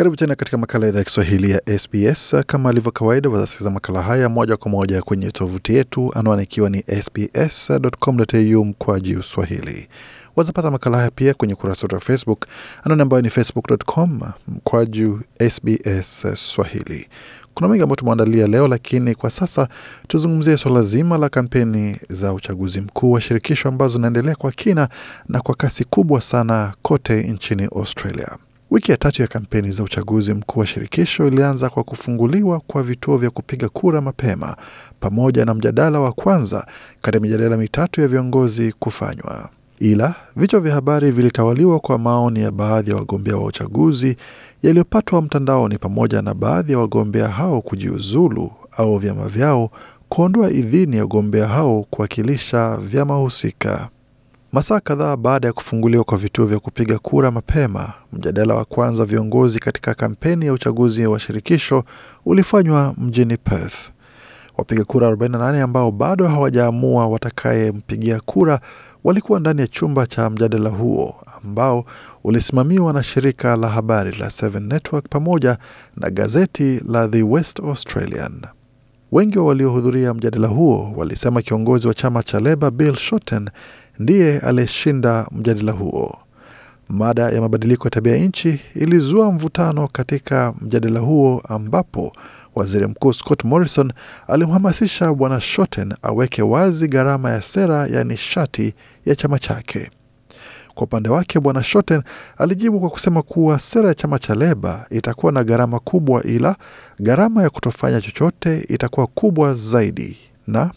Karibu tena katika makala ya idhaa ya Kiswahili ya SBS. Kama alivyo kawaida, wazasikiza makala haya moja kwa moja kwenye tovuti yetu, anwani ikiwa ni sbs.com.au juu swahili. Wazapata makala haya pia kwenye ukurasa wetu wa Facebook, anwani ambayo ni facebook.com juu sbs swahili. Kuna mengi ambayo tumeandalia leo, lakini kwa sasa tuzungumzie swala zima la kampeni za uchaguzi mkuu wa shirikisho ambazo zinaendelea kwa kina na kwa kasi kubwa sana kote nchini Australia. Wiki ya tatu ya kampeni za uchaguzi mkuu wa shirikisho ilianza kwa kufunguliwa kwa vituo vya kupiga kura mapema pamoja na mjadala wa kwanza kati ya mijadala mitatu ya viongozi kufanywa. Ila vichwa vya habari vilitawaliwa kwa maoni ya baadhi ya wagombea wa uchaguzi yaliyopatwa mtandaoni, pamoja na baadhi ya wagombea hao kujiuzulu au vyama vyao kuondoa idhini ya wagombea hao kuwakilisha vyama husika. Masaa kadhaa baada ya kufunguliwa kwa vituo vya kupiga kura mapema, mjadala wa kwanza viongozi katika kampeni ya uchaguzi wa shirikisho ulifanywa mjini Perth. Wapiga kura 48 ambao bado hawajaamua watakayempigia kura walikuwa ndani ya chumba cha mjadala huo ambao ulisimamiwa na shirika la habari la Seven Network pamoja na gazeti la The West Australian. Wengi wa waliohudhuria mjadala huo walisema kiongozi wa chama cha Leba Bill Shorten ndiye aliyeshinda mjadala huo. Mada ya mabadiliko ya tabia nchi ilizua mvutano katika mjadala huo ambapo waziri mkuu Scott Morrison alimhamasisha bwana Shoten aweke wazi gharama ya sera ya nishati ya chama chake. Kwa upande wake, bwana Shoten alijibu kwa kusema kuwa sera ya chama cha Leba itakuwa na gharama kubwa, ila gharama ya kutofanya chochote itakuwa kubwa zaidi, na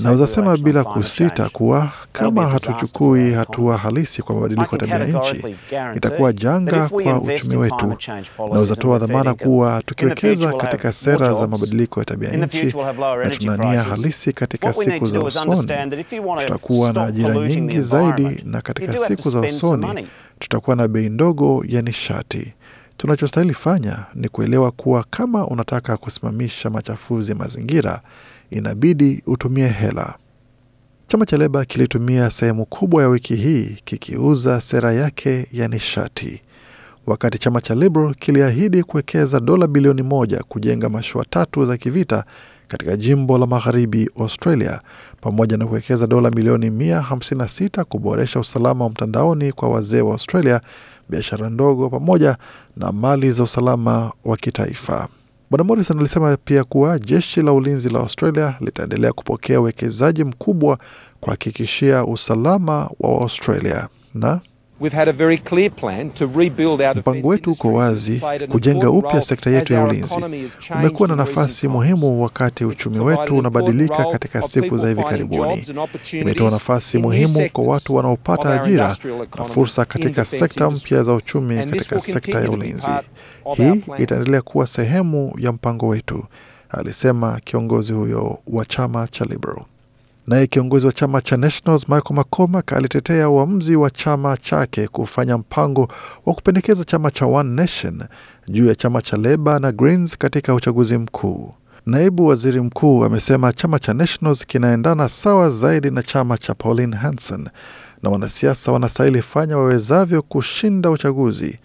Naweza sema bila kusita kuwa kama hatuchukui hatua halisi kwa mabadiliko ya tabia nchi, itakuwa janga kwa uchumi wetu. Naweza toa dhamana kuwa tukiwekeza katika sera za mabadiliko ya tabia nchi na tunania halisi, katika siku za usoni tutakuwa na ajira nyingi zaidi, na katika siku za usoni tutakuwa na bei ndogo ya nishati. Tunachostahili fanya ni kuelewa kuwa kama unataka kusimamisha machafuzi ya mazingira, inabidi utumie hela. Chama cha Leba kilitumia sehemu kubwa ya wiki hii kikiuza sera yake ya nishati, wakati chama cha Liberal kiliahidi kuwekeza dola bilioni moja kujenga mashua tatu za kivita katika jimbo la magharibi Australia, pamoja na kuwekeza dola milioni 156 kuboresha usalama wa mtandaoni kwa wazee wa Australia biashara ndogo, pamoja na mali za usalama wa kitaifa. Bwana Morrison alisema pia kuwa jeshi la ulinzi la Australia litaendelea kupokea uwekezaji mkubwa kuhakikishia usalama wa Australia na Mpango wetu uko wazi kujenga upya sekta yetu ya ulinzi. Umekuwa na nafasi muhimu wakati uchumi wetu unabadilika katika siku za hivi karibuni. Imetoa nafasi muhimu kwa watu wanaopata ajira na fursa katika sekta mpya za uchumi katika sekta ya ulinzi. Hii itaendelea kuwa sehemu ya mpango wetu, alisema kiongozi huyo wa chama cha Liberal. Naye kiongozi wa chama cha Nationals Michael McCormack alitetea uamuzi wa chama chake kufanya mpango wa kupendekeza chama cha One Nation juu ya chama cha Leba na Greens katika uchaguzi mkuu. Naibu waziri mkuu amesema chama cha Nationals kinaendana sawa zaidi na chama cha Pauline Hanson na wanasiasa wanastahili fanya wawezavyo kushinda uchaguzi.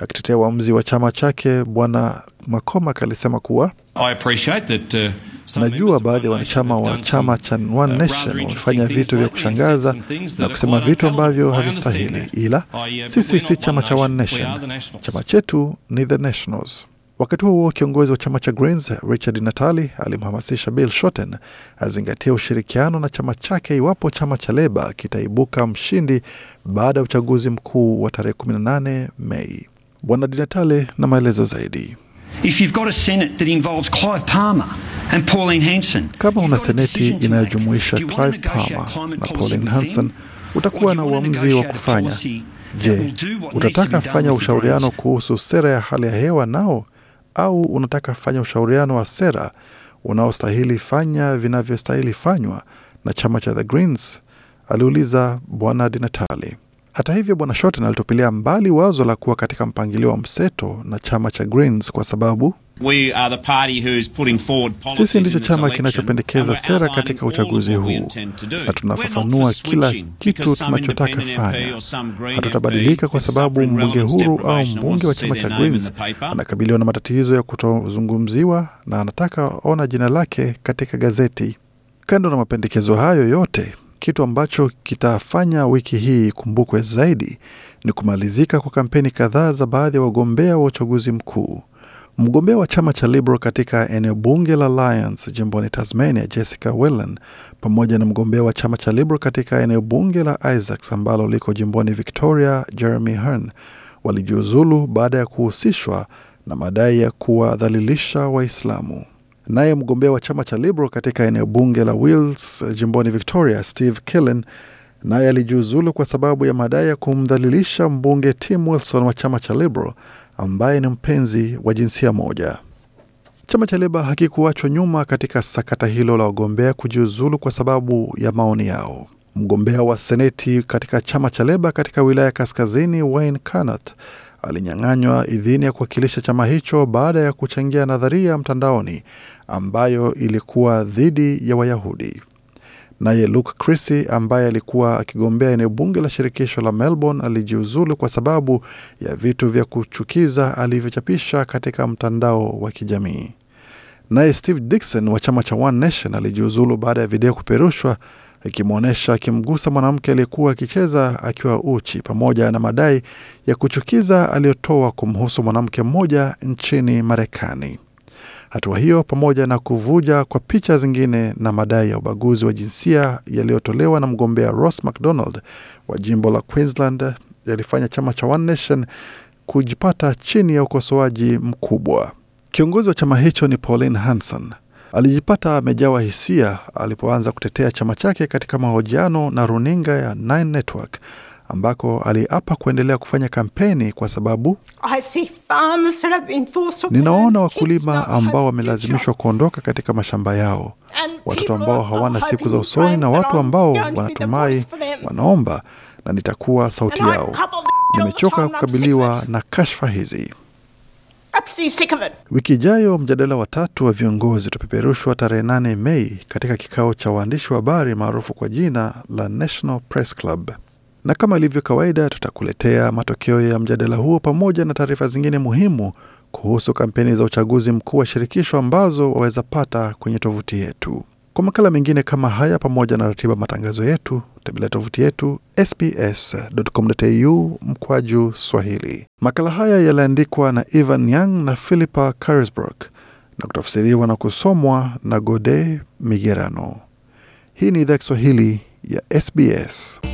Akitetea uamuzi wa chama chake, Bwana Makomak alisema kuwa uh, Najua baadhi ya wanachama wa chama uh, uh, cha One Nation wamefanya vitu vya kushangaza na kusema vitu ambavyo havistahili, ila sisi si chama cha One Nation, chama chetu ni The Nationals. Wakati huo huo kiongozi wa chama cha Greens Richard Natali alimhamasisha Bill Shorten azingatie ushirikiano na chama chake iwapo chama cha Leba kitaibuka mshindi baada ya uchaguzi mkuu wa tarehe 18 Mei. Bwana Didatale na maelezo zaidi. If you've got a Senate that involves Clive Palmer and Pauline Hanson, kama una seneti inayojumuisha Clive Palmer na Pauline Hanson, utakuwa na uamuzi wa kufanya. Je, utataka fanya ushauriano kuhusu sera ya hali ya hewa nao, au unataka fanya ushauriano wa sera unaostahili fanya vinavyostahili fanywa na chama cha the Greens? aliuliza Bwana Dinatale. Hata hivyo, bwana Shorten alitupilia mbali wazo la kuwa katika mpangilio wa mseto na chama cha Greens kwa sababu sisi ndicho chama kinachopendekeza sera katika uchaguzi huu na tunafafanua kila kitu tunachotaka fanya. Hatutabadilika kwa sababu mbunge huru au mbunge wa chama cha Greens anakabiliwa na matatizo ya kutozungumziwa na anataka ona jina lake katika gazeti. Kando na mapendekezo hayo yote kitu ambacho kitafanya wiki hii ikumbukwe zaidi ni kumalizika kwa kampeni kadhaa za baadhi ya wagombea wa uchaguzi mkuu. Mgombea wa chama cha Liberal katika eneo bunge la lions jimboni Tasmania, Jessica Whelan, pamoja na mgombea wa chama cha Liberal katika eneo bunge la Isaacs ambalo liko jimboni Victoria, Jeremy Hearn, walijiuzulu baada ya kuhusishwa na madai ya kuwadhalilisha Waislamu. Naye mgombea wa chama cha Liberal katika eneo bunge la Wills eh, jimboni Victoria, Steve Killen, naye alijiuzulu kwa sababu ya madai ya kumdhalilisha mbunge Tim Wilson wa chama cha Liberal ambaye ni mpenzi wa jinsia moja. Chama cha Leba hakikuachwa nyuma katika sakata hilo la wagombea kujiuzulu kwa sababu ya maoni yao. Mgombea wa seneti katika chama cha Leba katika wilaya ya kaskazini Wayne Carnott alinyang'anywa idhini ya kuwakilisha chama hicho baada ya kuchangia nadharia mtandaoni ambayo ilikuwa dhidi ya Wayahudi. Naye Luke Crissy ambaye alikuwa akigombea eneo bunge la shirikisho la Melbourne alijiuzulu kwa sababu ya vitu vya kuchukiza alivyochapisha katika mtandao wa kijamii. Naye Steve Dixon wa chama cha One Nation alijiuzulu baada ya video kuperushwa ikimwonyesha akimgusa mwanamke aliyekuwa akicheza akiwa uchi, pamoja na madai ya kuchukiza aliyotoa kumhusu mwanamke mmoja nchini Marekani. Hatua hiyo pamoja na kuvuja kwa picha zingine na madai ya ubaguzi wa jinsia yaliyotolewa na mgombea Ross MacDonald wa jimbo la Queensland yalifanya chama cha One Nation kujipata chini ya ukosoaji mkubwa. Kiongozi wa chama hicho ni Pauline Hanson alijipata amejawa hisia alipoanza kutetea chama chake katika mahojiano na runinga ya Nine Network ambako aliapa kuendelea kufanya kampeni kwa sababu ninaona wakulima ambao wamelazimishwa kuondoka katika mashamba yao, watoto ambao hawana siku za usoni, na watu ambao wanatumai, wanaomba, na nitakuwa sauti yao. Nimechoka kukabiliwa na kashfa hizi. Wiki ijayo mjadala wa tatu wa viongozi utapeperushwa tarehe 8 Mei katika kikao cha waandishi wa habari maarufu kwa jina la National Press Club, na kama ilivyo kawaida, tutakuletea matokeo ya mjadala huo pamoja na taarifa zingine muhimu kuhusu kampeni za uchaguzi mkuu wa shirikisho ambazo wawezapata kwenye tovuti yetu. Kwa makala mengine kama haya pamoja na ratiba matangazo yetu, tembelea tovuti yetu sbs.com.au mkwaju Swahili. Makala haya yaliandikwa na Evan Young na Philippa Carisbrook na kutafsiriwa na kusomwa na Gode Migerano. Hii ni idhaa Kiswahili ya SBS.